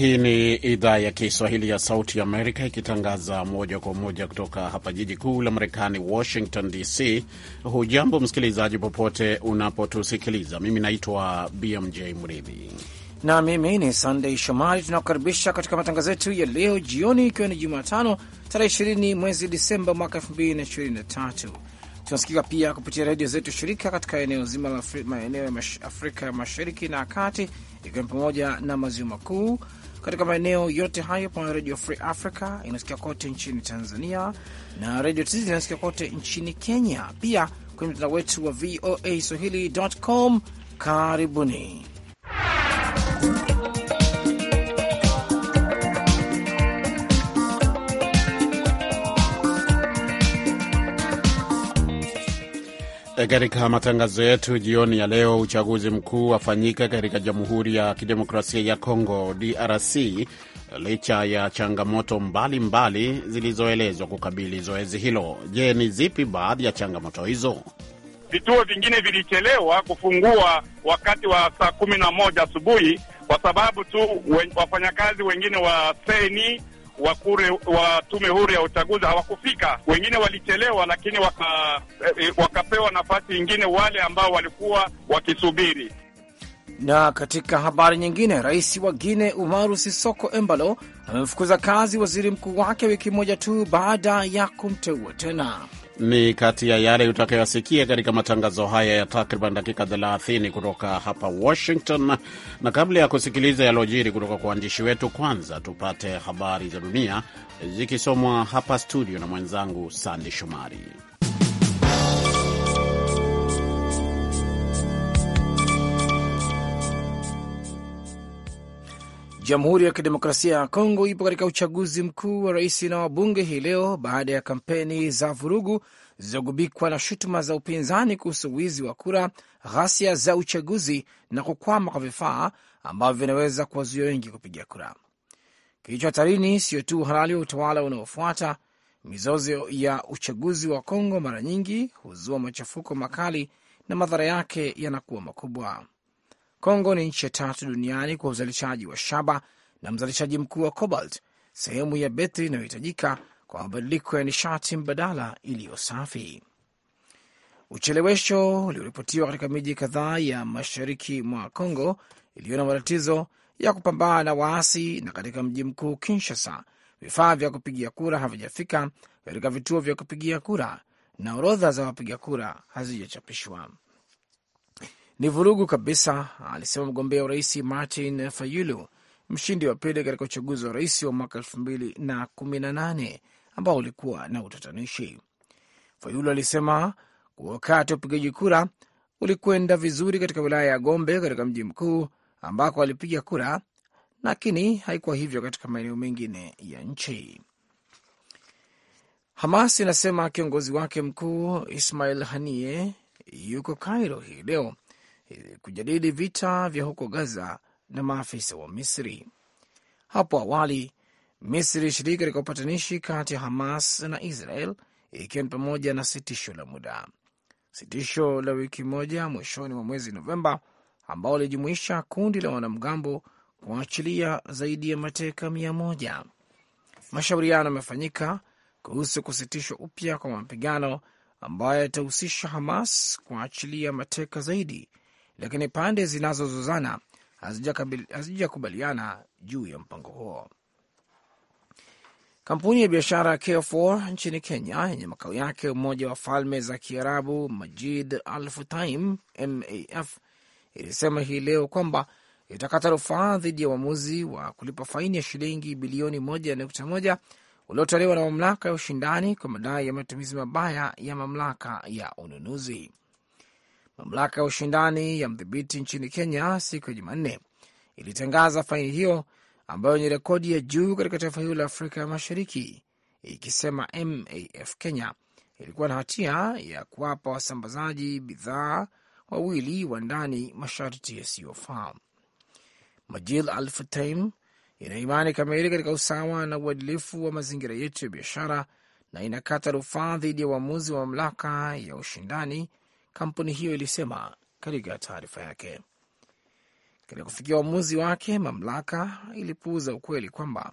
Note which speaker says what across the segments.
Speaker 1: Hii ni idhaa ya Kiswahili ya Sauti Amerika ikitangaza moja kwa moja kutoka hapa jiji kuu la Marekani, Washington DC. Hujambo msikilizaji, popote
Speaker 2: unapotusikiliza. Mimi naitwa BMJ Mridhi na mimi ni sandey Shomari. Tunakukaribisha katika matangazo yetu ya leo jioni, ikiwa ni Jumatano tarehe 20 mwezi Disemba mwaka 2023. Tunasikika pia kupitia redio zetu shirika katika eneo zima la maeneo ya Afrika ya mashariki na kati, ikiwa ni pamoja na maziwa makuu katika maeneo yote hayo, pamoja Radio Free Africa inasikia kote nchini Tanzania na Radio Tizi inasikia kote nchini Kenya, pia kwenye mtandao wetu wa VOA Swahili.com. Karibuni
Speaker 1: E, katika matangazo yetu jioni ya leo, uchaguzi mkuu wafanyika katika Jamhuri ya Kidemokrasia ya Kongo, DRC, licha ya changamoto mbalimbali zilizoelezwa kukabili zoezi hilo. Je, ni zipi baadhi ya changamoto hizo?
Speaker 3: Vituo vingine vilichelewa kufungua wakati wa saa kumi na moja asubuhi kwa sababu tu wafanyakazi wengine wa seni wakure wa tume huru ya uchaguzi hawakufika. Wengine walichelewa, lakini waka, e, wakapewa nafasi nyingine wale ambao walikuwa wakisubiri.
Speaker 2: Na katika habari nyingine, rais wa Guine Umaru Sisoko Embalo amemfukuza kazi waziri mkuu wake wiki moja tu baada ya kumteua tena
Speaker 1: ni kati ya yale utakayosikia katika matangazo haya ya takriban dakika 30 kutoka hapa Washington. Na kabla ya kusikiliza yalojiri kutoka kwa waandishi wetu, kwanza tupate habari za dunia zikisomwa hapa studio na mwenzangu Sandi Shomari.
Speaker 2: Jamhuri ya Kidemokrasia ya Kongo ipo katika uchaguzi mkuu wa rais na wabunge hii leo baada ya kampeni za vurugu zilizogubikwa na shutuma za upinzani kuhusu wizi wa kura, ghasia za uchaguzi na kukwama kwa vifaa ambavyo vinaweza kuwazuia wengi kupiga kura. Kilicho hatarini siyo tu uhalali wa utawala unaofuata. Mizozo ya uchaguzi wa Kongo mara nyingi huzua machafuko makali na madhara yake yanakuwa makubwa. Kongo ni nchi ya tatu duniani kwa uzalishaji wa shaba na mzalishaji mkuu wa cobalt, sehemu ya betri inayohitajika kwa mabadiliko ya nishati mbadala iliyo safi. Uchelewesho ulioripotiwa katika miji kadhaa ya mashariki mwa Kongo iliyo na matatizo ya kupambana na waasi, na katika mji mkuu Kinshasa vifaa vya kupigia kura havijafika katika vituo vya kupigia kura na orodha za wapiga kura hazijachapishwa ni vurugu kabisa, alisema mgombea urais Martin Fayulu, mshindi wa pili katika uchaguzi wa rais wa mwaka elfu mbili na kumi na nane ambao ulikuwa na utatanishi. Fayulu alisema kwa wakati wa upigaji kura ulikwenda vizuri katika wilaya ya Gombe katika mji mkuu ambako alipiga kura, lakini haikuwa hivyo katika maeneo mengine ya nchi. Hamas inasema kiongozi wake mkuu Ismail hanie yuko Cairo hii leo Eh, kujadili vita vya huko Gaza na maafisa wa Misri. Hapo awali, Misri ilishiriki katika upatanishi kati ya Hamas na Israel, ikiwa ni pamoja na sitisho la muda, sitisho la wiki moja mwishoni mwa mwezi Novemba, ambao lilijumuisha kundi la wanamgambo kuachilia zaidi ya mateka mia moja. Mashauriano yamefanyika kuhusu kusitishwa upya kwa mapigano ambayo yatahusisha Hamas kuachilia mateka zaidi lakini pande zinazozozana hazijakubaliana juu ya mpango huo. Kampuni ya biashara ya Carrefour nchini Kenya yenye makao yake Umoja wa Falme za Kiarabu, Majid Al Futtaim MAF, ilisema hii leo kwamba itakata rufaa dhidi ya uamuzi wa kulipa faini ya shilingi bilioni 1.1 uliotolewa na mamlaka ya ushindani kwa madai ya matumizi mabaya ya mamlaka ya ununuzi. Mamlaka ya ushindani ya mdhibiti nchini Kenya siku ya Jumanne ilitangaza faini hiyo ambayo ni rekodi ya juu katika taifa hilo la Afrika ya Mashariki, ikisema MAF Kenya ilikuwa na hatia ya kuwapa wasambazaji bidhaa wawili wa ndani masharti yasiyofaa. Majil Al inaimani ina imani kamili katika usawa na uadilifu wa mazingira yetu ya biashara na inakata rufaa dhidi ya uamuzi wa mamlaka ya ushindani kampuni hiyo ilisema katika taarifa yake. Katika kufikia uamuzi wake, mamlaka ilipuuza ukweli kwamba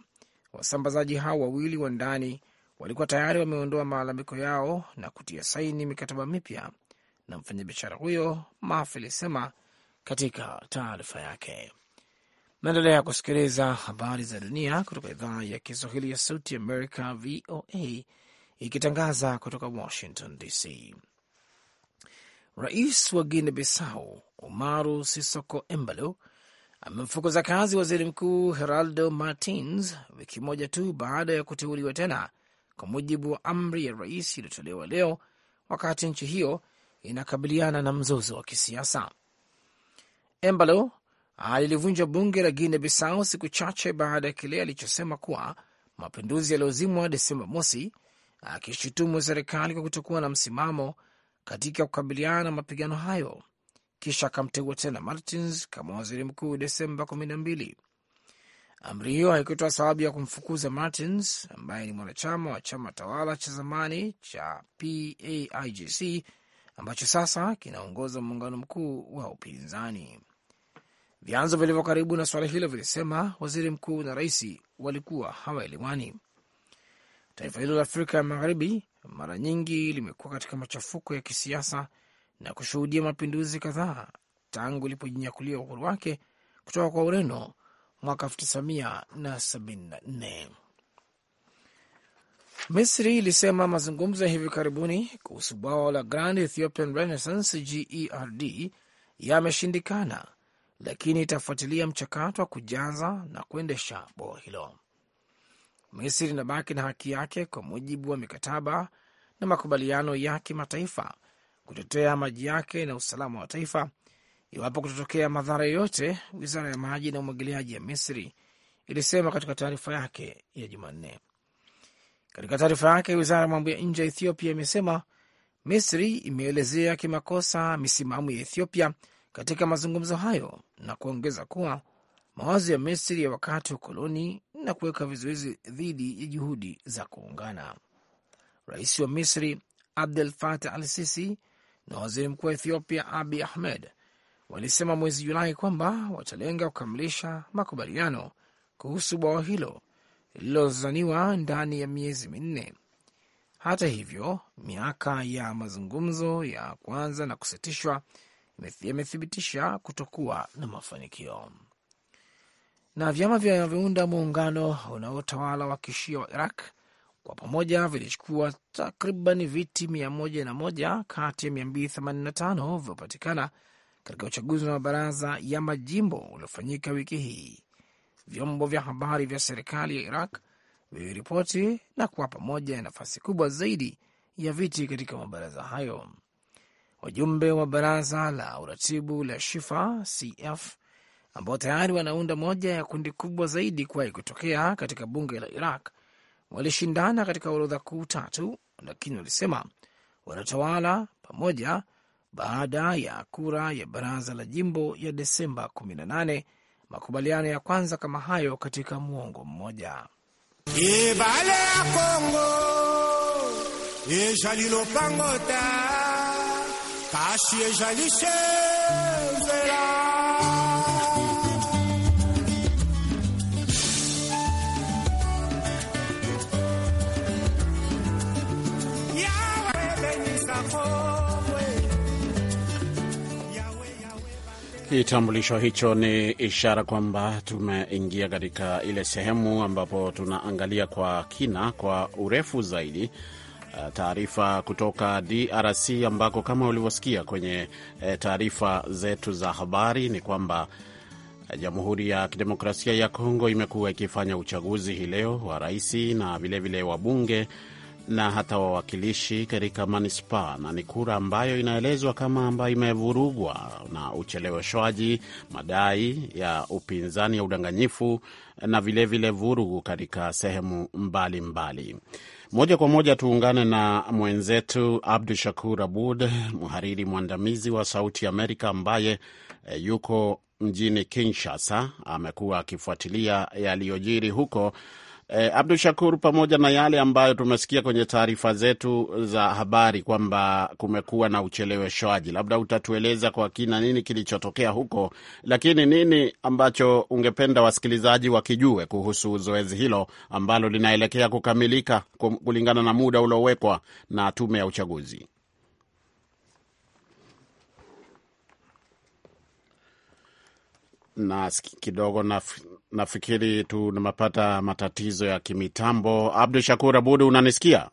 Speaker 2: wasambazaji hao wawili wa ndani walikuwa tayari wameondoa malalamiko yao na kutia saini mikataba mipya na mfanyabiashara huyo, Maf ilisema katika taarifa yake. Naendelea kusikiliza habari za dunia kutoka idhaa ya Kiswahili ya Sauti Amerika, VOA, ikitangaza kutoka Washington DC. Rais wa guine Bissau Umaru Sisoko Embalo amemfukuza kazi waziri mkuu Heraldo Martins wiki moja tu baada ya kuteuliwa tena, kwa mujibu wa amri ya rais iliyotolewa leo, wakati nchi hiyo inakabiliana na mzozo wa kisiasa. Embalo alilivunja bunge la guine Bissau siku chache baada ya kile alichosema kuwa mapinduzi yaliyozimwa Desemba mosi, akishutumu serikali kwa kutokuwa na msimamo katika kukabiliana na mapigano hayo, kisha akamteua tena Martins kama waziri mkuu Desemba 12. Amri hiyo haikutoa sababu ya kumfukuza Martins ambaye ni mwanachama wa chama tawala cha zamani cha PAIGC ambacho sasa kinaongoza muungano mkuu wa upinzani. Vyanzo vilivyo karibu na suala hilo vilisema waziri mkuu na rais walikuwa hawaelewani. Taifa hilo la Afrika ya Magharibi mara nyingi limekuwa katika machafuko ya kisiasa na kushuhudia mapinduzi kadhaa tangu ilipojinyakulia uhuru wake kutoka kwa Ureno mwaka 1974. Misri ilisema mazungumzo ya hivi karibuni kuhusu bwawa la Grand Ethiopian Renaissance GERD yameshindikana, lakini itafuatilia mchakato wa kujaza na kuendesha bwawa hilo. Misri inabaki na haki yake kwa mujibu wa mikataba na makubaliano ya kimataifa kutetea maji yake na usalama wa taifa iwapo kutotokea madhara yoyote, wizara ya maji na umwagiliaji ya Misri ilisema katika taarifa yake ya Jumanne. Katika taarifa yake, wizara ya mambo ya nje ya Ethiopia imesema Misri imeelezea kimakosa misimamo ya Ethiopia katika mazungumzo hayo na kuongeza kuwa mawazo ya Misri ya wakati wa koloni na kuweka vizuizi dhidi ya juhudi za kuungana. Rais wa Misri Abdel Fattah al Sisi na waziri mkuu wa Ethiopia Abi Ahmed walisema mwezi Julai kwamba watalenga kukamilisha makubaliano kuhusu bwawa hilo lililozaniwa ndani ya miezi minne. Hata hivyo, miaka ya mazungumzo ya kwanza na kusitishwa yamethibitisha kutokuwa na mafanikio na vyama vinavyounda muungano unaotawala wa kishia wa Iraq kwa pamoja vilichukua takriban viti 101 kati ya 285 vilivyopatikana katika uchaguzi wa mabaraza ya majimbo uliofanyika wiki hii. Vyombo vya habari vya serikali ya Iraq viliripoti na kuwa pamoja ya nafasi kubwa zaidi ya viti katika mabaraza hayo. Wajumbe wa baraza la uratibu la Shifa CF ambao tayari wanaunda moja ya kundi kubwa zaidi kuwahi kutokea katika bunge la Iraq walishindana katika orodha kuu tatu, lakini walisema wanatawala pamoja baada ya kura ya baraza la jimbo ya Desemba 18, makubaliano ya kwanza kama hayo katika
Speaker 3: muongo mmoja. ibale ya Kongo ezali lopangota kasi
Speaker 1: Kitambulisho hicho ni ishara kwamba tumeingia katika ile sehemu ambapo tunaangalia kwa kina, kwa urefu zaidi uh, taarifa kutoka DRC ambako kama ulivyosikia kwenye eh, taarifa zetu za habari ni kwamba eh, Jamhuri ya Kidemokrasia ya Kongo imekuwa ikifanya uchaguzi hii leo wa rais na vilevile wa bunge na hata wawakilishi katika manispaa, na ni kura ambayo inaelezwa kama ambayo imevurugwa na ucheleweshwaji, madai ya upinzani ya udanganyifu na vilevile vile vurugu katika sehemu mbalimbali mbali. Moja kwa moja tuungane na mwenzetu Abdu Shakur Abud, mhariri mwandamizi wa Sauti Amerika ambaye eh, yuko mjini Kinshasa. Amekuwa akifuatilia yaliyojiri huko E, Abdu Shakur, pamoja na yale ambayo tumesikia kwenye taarifa zetu za habari kwamba kumekuwa na ucheleweshwaji, labda utatueleza kwa kina nini kilichotokea huko, lakini nini ambacho ungependa wasikilizaji wakijue kuhusu zoezi hilo ambalo linaelekea kukamilika kulingana na muda uliowekwa na tume ya uchaguzi? na kidogo na nafikiri tunapata matatizo ya kimitambo. Abdu Shakur Abud, unanisikia?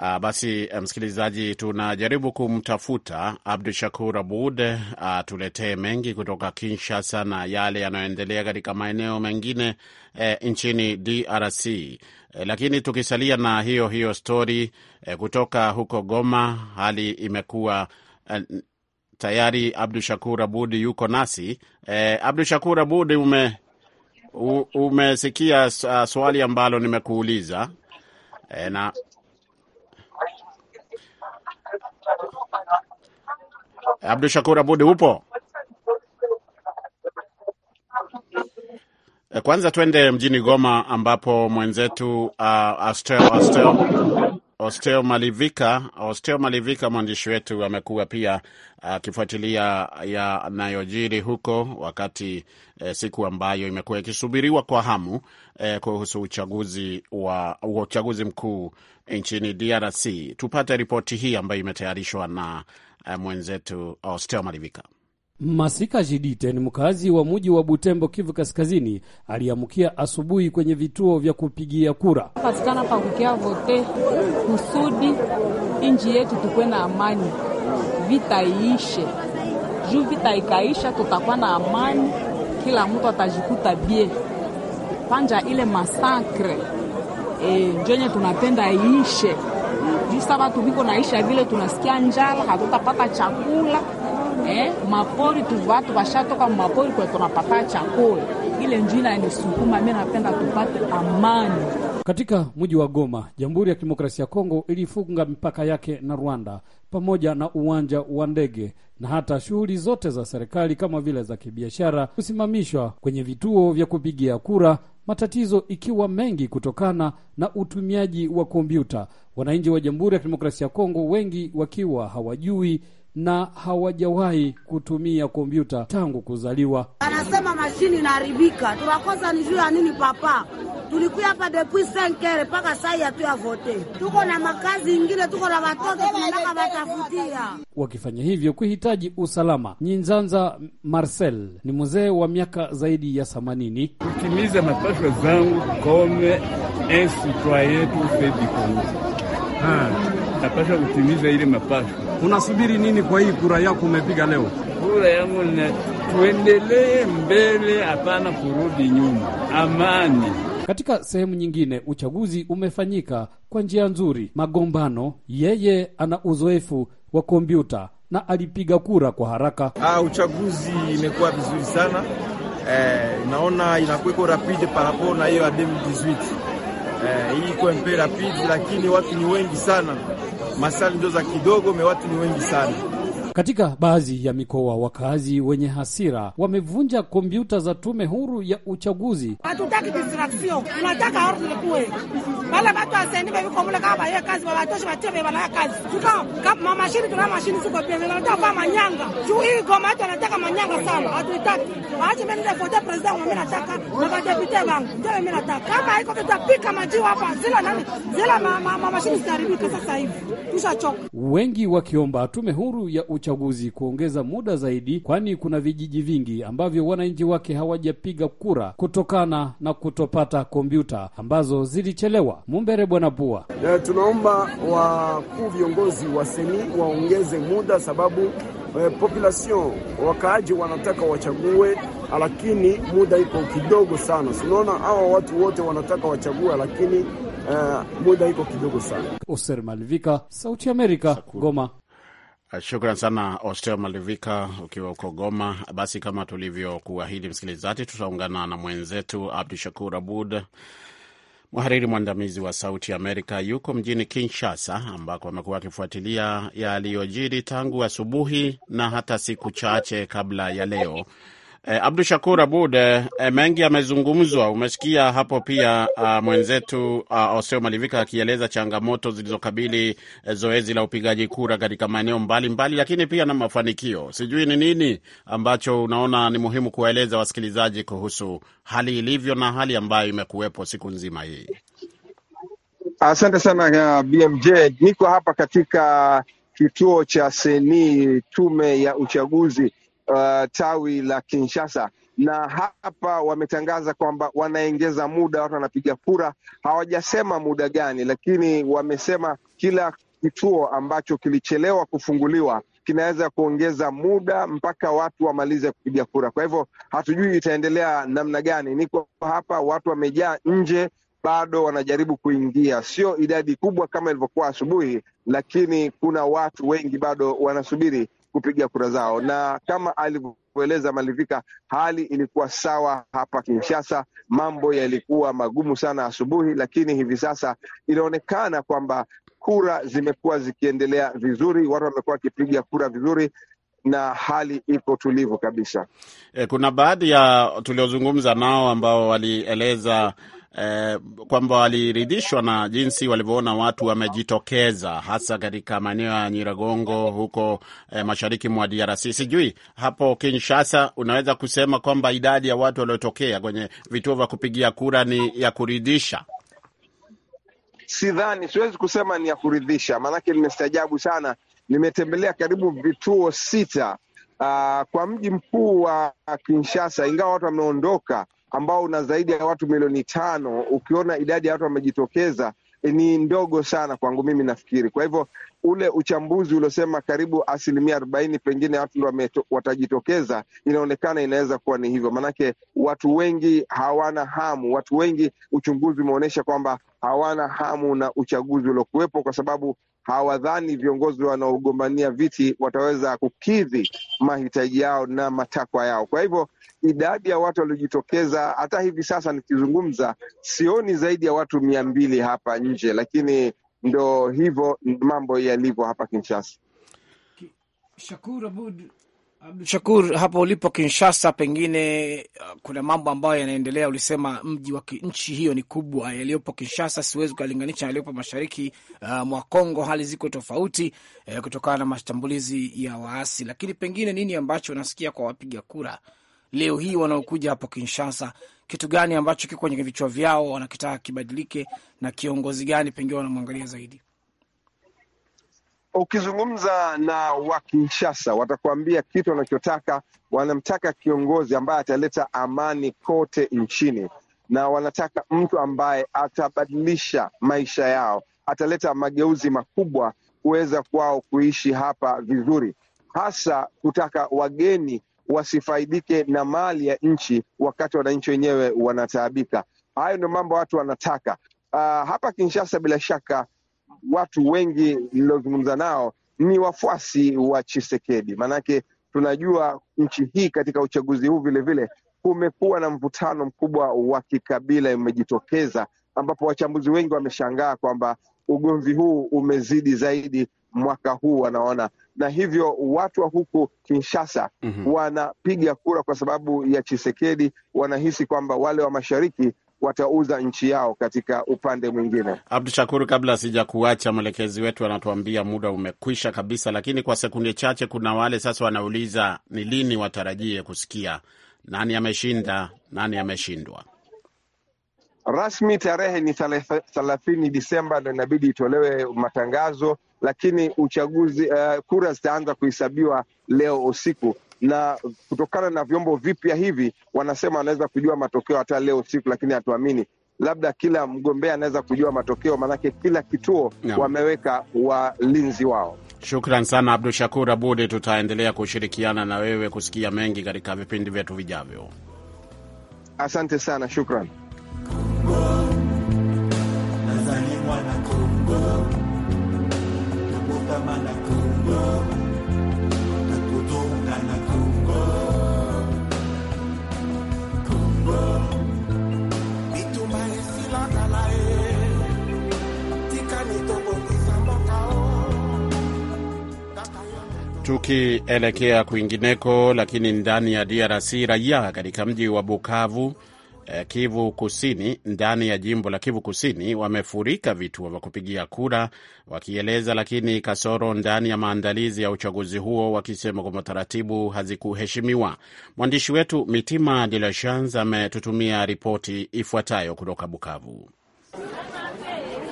Speaker 1: Uh, basi eh, msikilizaji, tunajaribu kumtafuta Abdu Shakur Abud atuletee ah, uh, mengi kutoka Kinshasa na yale yanayoendelea katika maeneo mengine eh, nchini DRC eh, lakini tukisalia na hiyo hiyo stori eh, kutoka huko Goma, hali imekuwa eh, tayari Abdu Shakur Abud yuko nasi. E, Abdu Shakur Abud, ume u, umesikia uh, swali ambalo nimekuuliza e, na Abdu Shakur Abud upo? Eh, kwanza twende mjini Goma ambapo mwenzetu uh, Astel, Astel, Osteo Malivika, Osteo Malivika mwandishi wetu amekuwa pia uh, akifuatilia uh, yanayojiri huko wakati eh, siku ambayo imekuwa ikisubiriwa kwa hamu eh, kuhusu uchaguzi wa uchaguzi mkuu nchini DRC. Tupate ripoti hii ambayo imetayarishwa na eh, mwenzetu Osteo Malivika.
Speaker 4: Masika Jidite ni mkazi wa mji wa Butembo, Kivu Kaskazini. Aliamkia asubuhi kwenye vituo vya kupigia kura
Speaker 5: patikana kukia vote kusudi inji yetu tukwe na amani, vita iishe. Juu vita ikaisha, tutakuwa na amani, kila mtu atajikuta bie panja ile masakre e, njonye tunapenda iishe visa watu viko naisha vile, tunasikia njala, hatutapata chakula eh, mapori watu vashatoka mapori kwa tunapata chakula ile njina ni sukuma. Mimi napenda tupate amani
Speaker 4: katika mji wa Goma. Jamhuri ya Kidemokrasia ya Kongo ilifunga mipaka yake na Rwanda pamoja na uwanja wa ndege na hata shughuli zote za serikali kama vile za kibiashara kusimamishwa kwenye vituo vya kupigia kura, matatizo ikiwa mengi kutokana na utumiaji wa kompyuta wananchi wa Jamhuri ya Kidemokrasia ya Kongo, wengi wakiwa hawajui na hawajawahi kutumia kompyuta tangu kuzaliwa. Anasema
Speaker 5: mashini inaharibika, tunakosa ni juu ya nini? Papa, tulikuya hapa depuis senkere mpaka sai vote, tuko na makazi ingine, tuko na watoto tunataka watafutia.
Speaker 4: Wakifanya hivyo kuhitaji usalama. Nyinzanza Marcel ni mzee wa miaka zaidi ya themanini. Kutimiza mapashwa zangu kome esitwa yetu fedi kongo napasha ah. kutimiza ile mapasha. Unasubiri nini kwa hii kura yako umepiga leo? Kura yangu ni tuendelee mbele, hapana kurudi nyuma. Amani katika sehemu nyingine, uchaguzi umefanyika kwa njia nzuri. Magombano, yeye ana uzoefu wa kompyuta na alipiga kura kwa haraka.
Speaker 6: Ah, uchaguzi imekuwa vizuri sana eh, naona inakuweko rapide parapo na hiyo ya 2018 Eh, hii eh, iko mpe rapidi, lakini watu ni wengi sana, masali ndio za kidogo, me watu ni wengi sana.
Speaker 4: Katika baadhi ya mikoa, wakazi wenye hasira wamevunja kompyuta za tume huru ya uchaguzi.
Speaker 5: Hatutaki distraction, tunataka ordre kuwe wala watu kama kazi kazi tuka mashini tuna mashini pia manyanga juu hii goma manyanga sana, hatutaki mimi ndio president mimi nataka na wangu ndio mimi nataka kama tutapika hapa
Speaker 4: zila nani zila mashini zitaribika sasa
Speaker 5: hivi tushachoka.
Speaker 4: Wengi wakiomba tume huru ya uchaguzi uchaguzi kuongeza muda zaidi, kwani kuna vijiji vingi ambavyo wananchi wake hawajapiga kura kutokana na kutopata kompyuta ambazo zilichelewa. Mumbere Bwana Pua:
Speaker 3: E, tunaomba wakuu viongozi wa seni waongeze muda sababu e, population wakaaji wanataka wachague, lakini muda iko kidogo sana. Tunaona hawa watu wote wanataka wachague, lakini Uh, muda iko kidogo sana.
Speaker 4: Oser Malvika, Sauti Amerika, Goma.
Speaker 1: Uh, shukran sana Ostel Malivika ukiwa huko Goma. Basi kama tulivyokuahidi, msikilizaji, tutaungana na mwenzetu Abdu Shakur Abud, mhariri mwandamizi wa Sauti Amerika, yuko mjini Kinshasa ambako amekuwa akifuatilia yaliyojiri tangu asubuhi na hata siku chache kabla ya leo E, Abdu Shakur Abud, e, mengi yamezungumzwa. Umesikia hapo pia a, ah, mwenzetu ah, Oseo Malivika akieleza changamoto zilizokabili e, zoezi la upigaji kura katika maeneo mbalimbali, lakini pia na mafanikio. Sijui ni nini ambacho unaona ni muhimu kuwaeleza wasikilizaji kuhusu hali ilivyo na hali ambayo imekuwepo siku nzima hii.
Speaker 6: Asante sana BMJ. Niko hapa katika kituo cha Seni, tume ya uchaguzi uh, tawi la Kinshasa, na hapa wametangaza kwamba wanaongeza muda, watu wanapiga kura. Hawajasema muda gani, lakini wamesema kila kituo ambacho kilichelewa kufunguliwa kinaweza kuongeza muda mpaka watu wamalize kupiga kura. Kwa hivyo hatujui itaendelea namna gani. Niko hapa, watu wamejaa nje, bado wanajaribu kuingia, sio idadi kubwa kama ilivyokuwa asubuhi, lakini kuna watu wengi bado wanasubiri kupiga kura zao, na kama alivyoeleza Malivika, hali ilikuwa sawa hapa Kinshasa. Mambo yalikuwa magumu sana asubuhi, lakini hivi sasa inaonekana kwamba kura zimekuwa zikiendelea vizuri, watu wamekuwa wakipiga kura vizuri na hali iko tulivu kabisa.
Speaker 1: E, kuna baadhi ya tuliozungumza nao ambao walieleza eh, kwamba waliridhishwa na jinsi walivyoona watu wamejitokeza hasa katika maeneo ya Nyiragongo huko eh, mashariki mwa DRC. Sijui hapo Kinshasa, unaweza kusema kwamba idadi ya watu waliotokea kwenye vituo vya kupigia kura ni ya kuridhisha?
Speaker 6: Sidhani, siwezi kusema ni ya kuridhisha, maanake nimestajabu sana. Nimetembelea karibu vituo sita, uh, kwa mji mkuu wa Kinshasa, ingawa watu wameondoka ambao una zaidi ya watu milioni tano, ukiona idadi ya watu wamejitokeza eh, ni ndogo sana kwangu mimi nafikiri. Kwa hivyo ule uchambuzi uliosema karibu asilimia arobaini pengine watu ndo watajitokeza, inaonekana inaweza kuwa ni hivyo, maanake watu wengi hawana hamu. Watu wengi, uchunguzi umeonyesha kwamba hawana hamu na uchaguzi uliokuwepo, kwa sababu hawadhani viongozi wanaogombania viti wataweza kukidhi mahitaji yao na matakwa yao. Kwa hivyo idadi ya watu waliojitokeza, hata hivi sasa nikizungumza, sioni zaidi ya watu mia mbili hapa nje, lakini ndo hivyo mambo yalivyo hapa Kinshasa.
Speaker 2: Shakur Abud, Abdushakur, hapo ulipo Kinshasa, pengine uh, kuna mambo ambayo yanaendelea. Ulisema mji wa nchi hiyo ni kubwa, yaliyopo Kinshasa siwezi ukalinganisha yaliyopo mashariki uh, mwa Kongo. Hali ziko tofauti uh, kutokana na mashambulizi ya waasi, lakini pengine nini ambacho unasikia kwa wapiga kura leo hii wanaokuja hapo Kinshasa? Kitu gani ambacho kiko kwenye vichwa vyao wanakitaka kibadilike, na kiongozi gani pengine wanamwangalia zaidi?
Speaker 6: Ukizungumza na wakinshasa watakuambia kitu wanachotaka, wanamtaka kiongozi ambaye ataleta amani kote nchini, na wanataka mtu ambaye atabadilisha maisha yao, ataleta mageuzi makubwa kuweza kwao kuishi hapa vizuri, hasa kutaka wageni wasifaidike na mali ya nchi wakati wananchi wenyewe wanataabika. Hayo ndio mambo watu wanataka. Uh, hapa Kinshasa bila shaka watu wengi niliozungumza nao ni wafuasi wa Chisekedi, maanake tunajua nchi hii katika uchaguzi huu vilevile kumekuwa na mvutano mkubwa wa kikabila umejitokeza, ambapo wachambuzi wengi wameshangaa kwamba ugomvi huu umezidi zaidi mwaka huu wanaona, na hivyo watu wa huku Kinshasa mm -hmm. wanapiga kura kwa sababu ya Chisekedi, wanahisi kwamba wale wa mashariki watauza nchi yao katika upande mwingine.
Speaker 1: Abdu Shakuru, kabla sija kuacha, mwelekezi wetu anatuambia muda umekwisha kabisa, lakini kwa sekunde chache, kuna wale sasa wanauliza ni lini watarajie kusikia nani ameshinda, nani ameshindwa.
Speaker 6: Rasmi tarehe ni thelathini Disemba, ndo inabidi itolewe matangazo, lakini uchaguzi uh, kura zitaanza kuhesabiwa leo usiku na kutokana na vyombo vipya hivi wanasema wanaweza kujua matokeo hata leo siku, lakini hatuamini labda kila mgombea anaweza kujua matokeo, maanake kila kituo yeah, wameweka walinzi wao.
Speaker 1: Shukran sana Abdu Shakur Abudi, tutaendelea kushirikiana na wewe kusikia mengi katika vipindi vyetu vijavyo.
Speaker 6: Asante sana, shukran.
Speaker 1: Tukielekea kwingineko, lakini ndani ya DRC, raia katika mji wa Bukavu eh, Kivu Kusini, ndani ya jimbo la Kivu Kusini wamefurika vituo vya kupigia kura wakieleza lakini kasoro ndani ya maandalizi ya uchaguzi huo, wakisema kwamba taratibu hazikuheshimiwa. Mwandishi wetu Mitima De La Chance ametutumia ripoti ifuatayo kutoka Bukavu.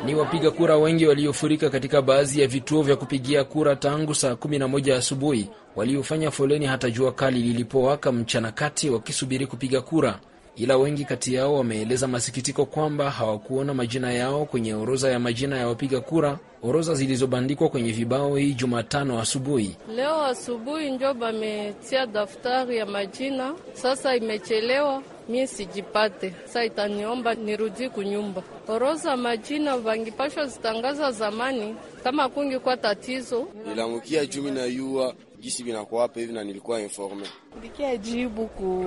Speaker 5: Ni wapiga kura wengi waliofurika katika baadhi ya vituo vya kupigia kura tangu saa 11 asubuhi, waliofanya foleni hata jua kali lilipowaka mchana kati, wakisubiri kupiga kura. Ila wengi kati yao wameeleza masikitiko kwamba hawakuona majina yao kwenye orodha ya majina ya wapiga kura, orodha zilizobandikwa kwenye vibao hii Jumatano asubuhi.
Speaker 1: Leo asubuhi njo bametia daftari ya majina, sasa imechelewa mie sijipate, sa itaniomba nirudi kunyumba. Oroza majina vangipashwa zitangaza zamani, kama kungi kwa tatizo
Speaker 6: nilamukia jumi na
Speaker 1: yua jisi vinakuwapa hivi, na nilikuwa informe
Speaker 2: ndikia jibu ku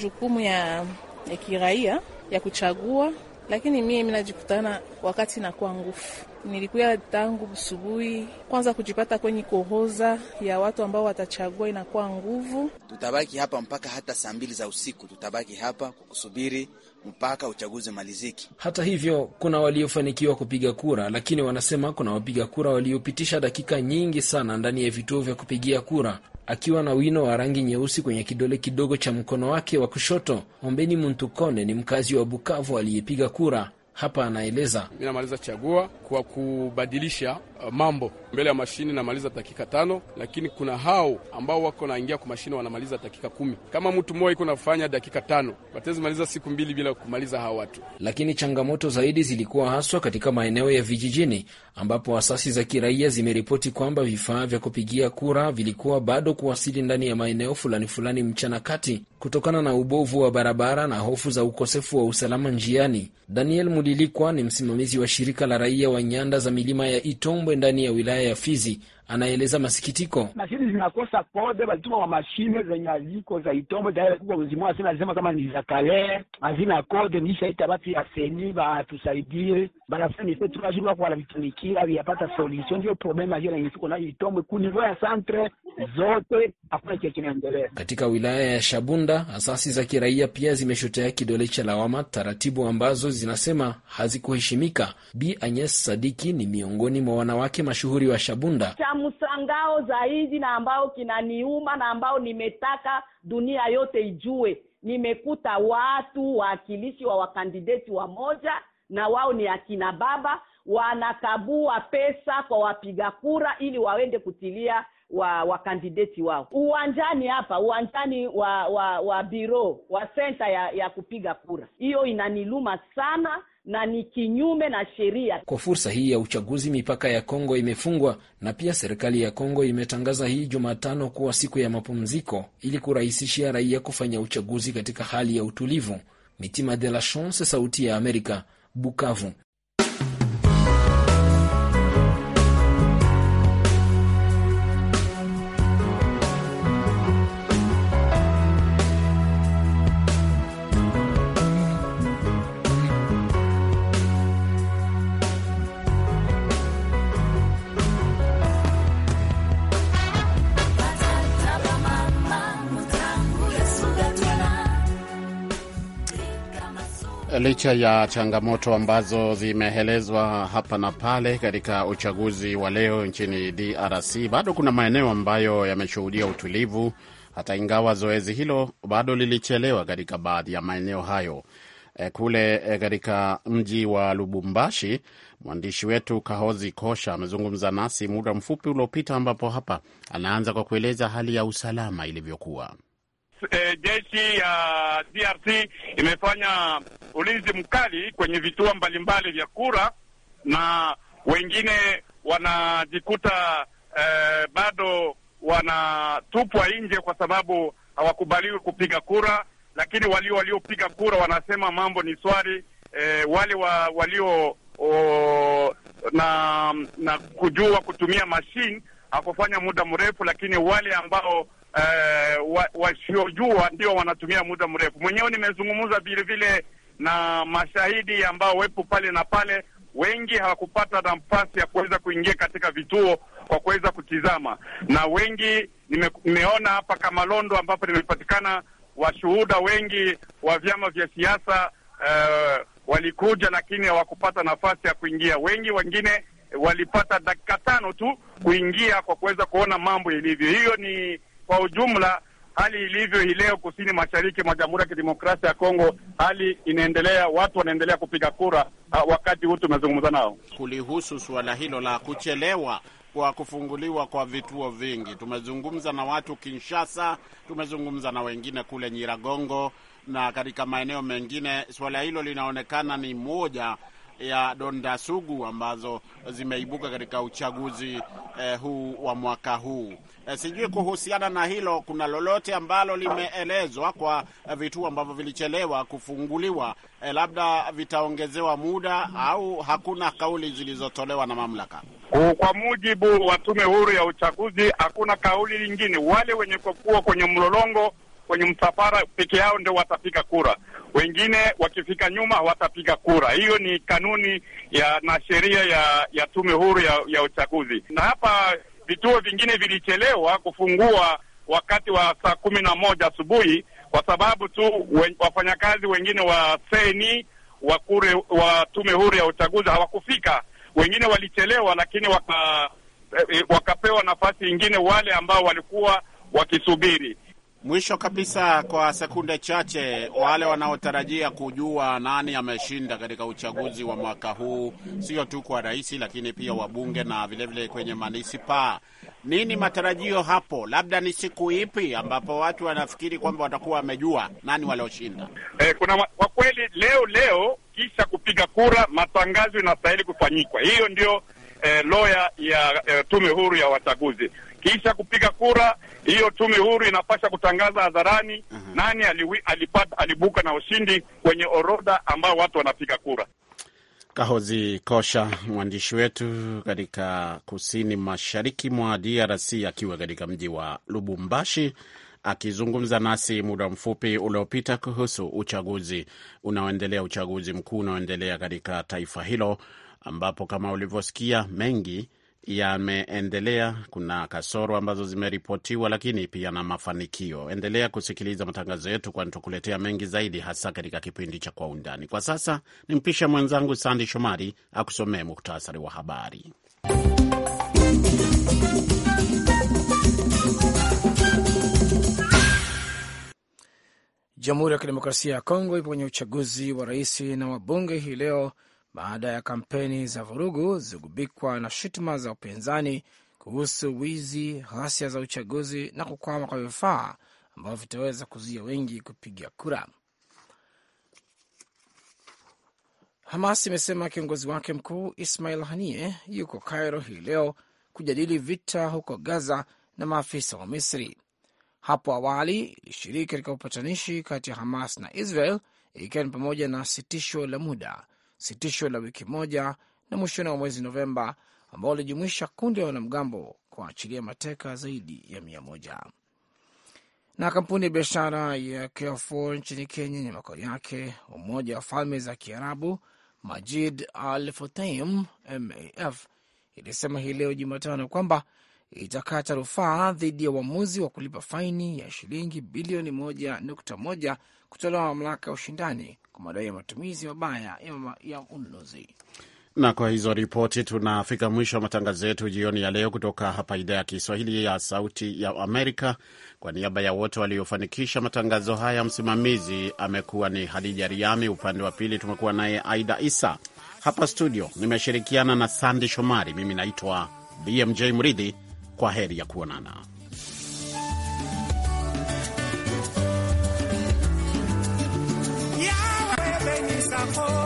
Speaker 2: jukumu ya, ya kiraia ya kuchagua lakini mie minajikutana wakati nakuwa ngufu nilikuya tangu busubuhi kwanza kujipata kwenye kohoza ya watu ambao watachagua inakuwa nguvu.
Speaker 5: Tutabaki hapa mpaka hata saa mbili za usiku, tutabaki hapa kwa kusubiri mpaka uchaguzi maliziki. Hata hivyo, kuna waliofanikiwa kupiga kura, lakini wanasema kuna wapiga kura waliopitisha dakika nyingi sana ndani ya vituo vya kupigia kura, akiwa na wino wa rangi nyeusi kwenye kidole kidogo cha mkono wake wa kushoto. Ombeni Muntukone ni mkazi wa Bukavu aliyepiga kura. Hapa anaeleza,
Speaker 3: minamaliza chagua kwa kubadilisha Eh, mambo mbele ya mashine namaliza dakika tano, lakini kuna hao ambao wako naingia kwa mashini wanamaliza dakika kumi. Kama mtu mmoja iko nafanya dakika tano, watezi maliza siku mbili bila kumaliza hao watu.
Speaker 5: Lakini changamoto zaidi zilikuwa haswa katika maeneo ya vijijini ambapo asasi za kiraia zimeripoti kwamba vifaa vya kupigia kura vilikuwa bado kuwasili ndani ya maeneo fulani fulani mchana kati kutokana na ubovu wa barabara na hofu za ukosefu wa usalama njiani. Daniel Mulilikwa ni msimamizi wa shirika la raia wa nyanda za milima ya Itombwe ndani ya wilaya ya Fizi anaeleza masikitiko. Mashine zinakosa kode, walituma wa mashine zenye haziko za itombo kubwa mzimu asina alisema kama ni za kale hazina kode, nishaita batu ya seni batusaidie banafuanipetrajulwako wanavitumikia viyapata solution. Ndio problema hiyo yenye tuko nayo itombo kunivo ya santre zote, hakuna kile kinaendelea katika wilaya ya Shabunda. Asasi za kiraia pia zimeshotea kidole cha lawama taratibu ambazo zinasema hazikuheshimika. Bi Anyes Sadiki ni miongoni mwa wanawake mashuhuri wa Shabunda mshangao msangao zaidi
Speaker 6: na ambao kinaniuma na ambao nimetaka dunia yote ijue nimekuta watu waakilishi wa wakandideti wamoja na wao ni akina baba
Speaker 5: wanakabua pesa kwa wapiga kura ili waende kutilia wa
Speaker 6: wakandideti wao uwanjani hapa uwanjani wa wa wa biro wa senta ya, ya kupiga kura hiyo inaniluma sana na ni kinyume na sheria.
Speaker 5: Kwa fursa hii ya uchaguzi, mipaka ya Kongo imefungwa na pia serikali ya Kongo imetangaza hii Jumatano kuwa siku ya mapumziko ili kurahisishia raia kufanya uchaguzi katika hali ya utulivu. Mitima de la Chance, Sauti ya Amerika, Bukavu.
Speaker 1: licha ya changamoto ambazo zimeelezwa hapa na pale katika uchaguzi wa leo nchini DRC, bado kuna maeneo ambayo yameshuhudia utulivu, hata ingawa zoezi hilo bado lilichelewa katika baadhi ya maeneo hayo. Eh, kule eh, katika mji wa Lubumbashi, mwandishi wetu Kahozi Kosha amezungumza nasi muda mfupi uliopita, ambapo hapa anaanza kwa kueleza hali ya usalama ilivyokuwa
Speaker 3: eh, jeshi ya DRC imefanya ulinzi mkali kwenye vituo mbalimbali vya kura na wengine wanajikuta eh, bado wanatupwa nje kwa sababu hawakubaliwi kupiga kura, lakini walio waliopiga kura wanasema mambo ni swari. Eh, wale wa, walio o, na, na kujua kutumia mashine hakufanya muda mrefu, lakini wale ambao eh, wasiojua wa ndio wanatumia muda mrefu. Mwenyewe nimezungumza vile vile na mashahidi ambao wepo pale na pale, wengi hawakupata nafasi ya kuweza kuingia katika vituo kwa kuweza kutizama, na wengi nime, nimeona hapa Kamalondo ambapo nimepatikana washuhuda wengi wa vyama vya siasa uh, walikuja lakini hawakupata nafasi ya kuingia. Wengi wengine walipata dakika tano tu kuingia kwa kuweza kuona mambo ilivyo. Hiyo ni kwa ujumla hali ilivyo hii leo kusini mashariki mwa Jamhuri ya Kidemokrasia ya Kongo, hali inaendelea, watu wanaendelea kupiga kura ah, wakati huu tumezungumza nao kulihusu suala hilo la kuchelewa
Speaker 1: kwa kufunguliwa kwa vituo vingi. Tumezungumza na watu Kinshasa, tumezungumza na wengine kule Nyiragongo na katika maeneo mengine. Suala hilo linaonekana ni moja ya donda sugu ambazo zimeibuka katika uchaguzi eh, huu wa mwaka huu. Eh, sijui kuhusiana na hilo kuna lolote ambalo limeelezwa kwa vituo ambavyo vilichelewa kufunguliwa, eh, labda vitaongezewa muda au hakuna kauli
Speaker 3: zilizotolewa na mamlaka? Kwa mujibu wa tume huru ya uchaguzi, hakuna kauli lingine. Wale wenye kuwa kwenye mlolongo kwenye msafara peke yao ndio watapiga kura, wengine wakifika nyuma watapiga kura. Hiyo ni kanuni ya na sheria ya, ya tume huru ya, ya uchaguzi. Na hapa vituo vingine vilichelewa kufungua wakati wa saa kumi na moja asubuhi kwa sababu tu wen, wafanyakazi wengine wa seni kure wa tume huru ya uchaguzi hawakufika. Wengine walichelewa, lakini waka, eh, eh, wakapewa nafasi ingine wale ambao walikuwa wakisubiri. Mwisho kabisa, kwa sekunde chache,
Speaker 1: wale wanaotarajia kujua nani ameshinda katika uchaguzi wa mwaka huu, sio tu kwa rais, lakini pia wabunge na vilevile vile kwenye manisipaa, nini matarajio hapo? Labda ni siku ipi ambapo watu wanafikiri kwamba watakuwa wamejua nani walioshinda?
Speaker 3: Eh, kuna kwa kweli, leo leo kisha kupiga kura, matangazo inastahili kufanyikwa. Hiyo ndio eh, loya ya eh, tume huru ya wachaguzi kisha kupiga kura. Hiyo tume huru inapasha kutangaza hadharani uh -huh. nani aliwi, alipata alibuka na ushindi kwenye orodha ambao watu wanapiga kura.
Speaker 1: Kahozi Kosha, mwandishi wetu katika kusini mashariki mwa DRC, akiwa katika mji wa Lubumbashi akizungumza nasi muda mfupi uliopita kuhusu uchaguzi unaoendelea, uchaguzi mkuu unaoendelea katika taifa hilo, ambapo kama ulivyosikia mengi yameendelea. Kuna kasoro ambazo zimeripotiwa, lakini pia na mafanikio. Endelea kusikiliza matangazo yetu, kwani tukuletea mengi zaidi, hasa katika kipindi cha Kwa Undani. Kwa sasa ni mpisha mwenzangu Sandi Shomari akusomee
Speaker 2: muktasari wa habari. Jamhuri ya Kidemokrasia ya Kongo ipo kwenye uchaguzi wa rais na wabunge hii leo baada ya kampeni za vurugu zilizogubikwa na shutuma za upinzani kuhusu wizi, ghasia za uchaguzi na kukwama kwa vifaa ambavyo vitaweza kuzuia wengi kupiga kura. Hamas imesema kiongozi wake mkuu Ismail hanie yuko Cairo hii leo kujadili vita huko Gaza na maafisa wa Misri. Hapo awali ilishiriki katika upatanishi kati ya Hamas na Israel, ikiwa ni pamoja na sitisho la muda sitisho la wiki moja na mwishoni wa mwezi Novemba ambao alijumuisha kundi la wanamgambo kuachilia mateka zaidi ya mia moja. Na kampuni ya biashara ya Carrefour nchini Kenya yenye makao yake Umoja wa Falme za Kiarabu, Majid Al Futtaim MAF, ilisema hii leo Jumatano kwamba itakata rufaa dhidi ya uamuzi wa kulipa faini ya shilingi bilioni 1.1 kutolewa mamlaka ya ushindani kwa madai ya matumizi mabaya ya ununuzi.
Speaker 1: Na kwa hizo ripoti tunafika mwisho wa matangazo yetu jioni ya leo kutoka hapa idhaa ya Kiswahili ya Sauti ya Amerika. Kwa niaba ya wote waliofanikisha matangazo haya, msimamizi amekuwa ni Hadija Riami, upande wa pili tumekuwa naye Aida Isa. Hapa studio nimeshirikiana na Sandi Shomari. Mimi naitwa BMJ Mridhi. Kwa heri ya kuonana.
Speaker 3: home.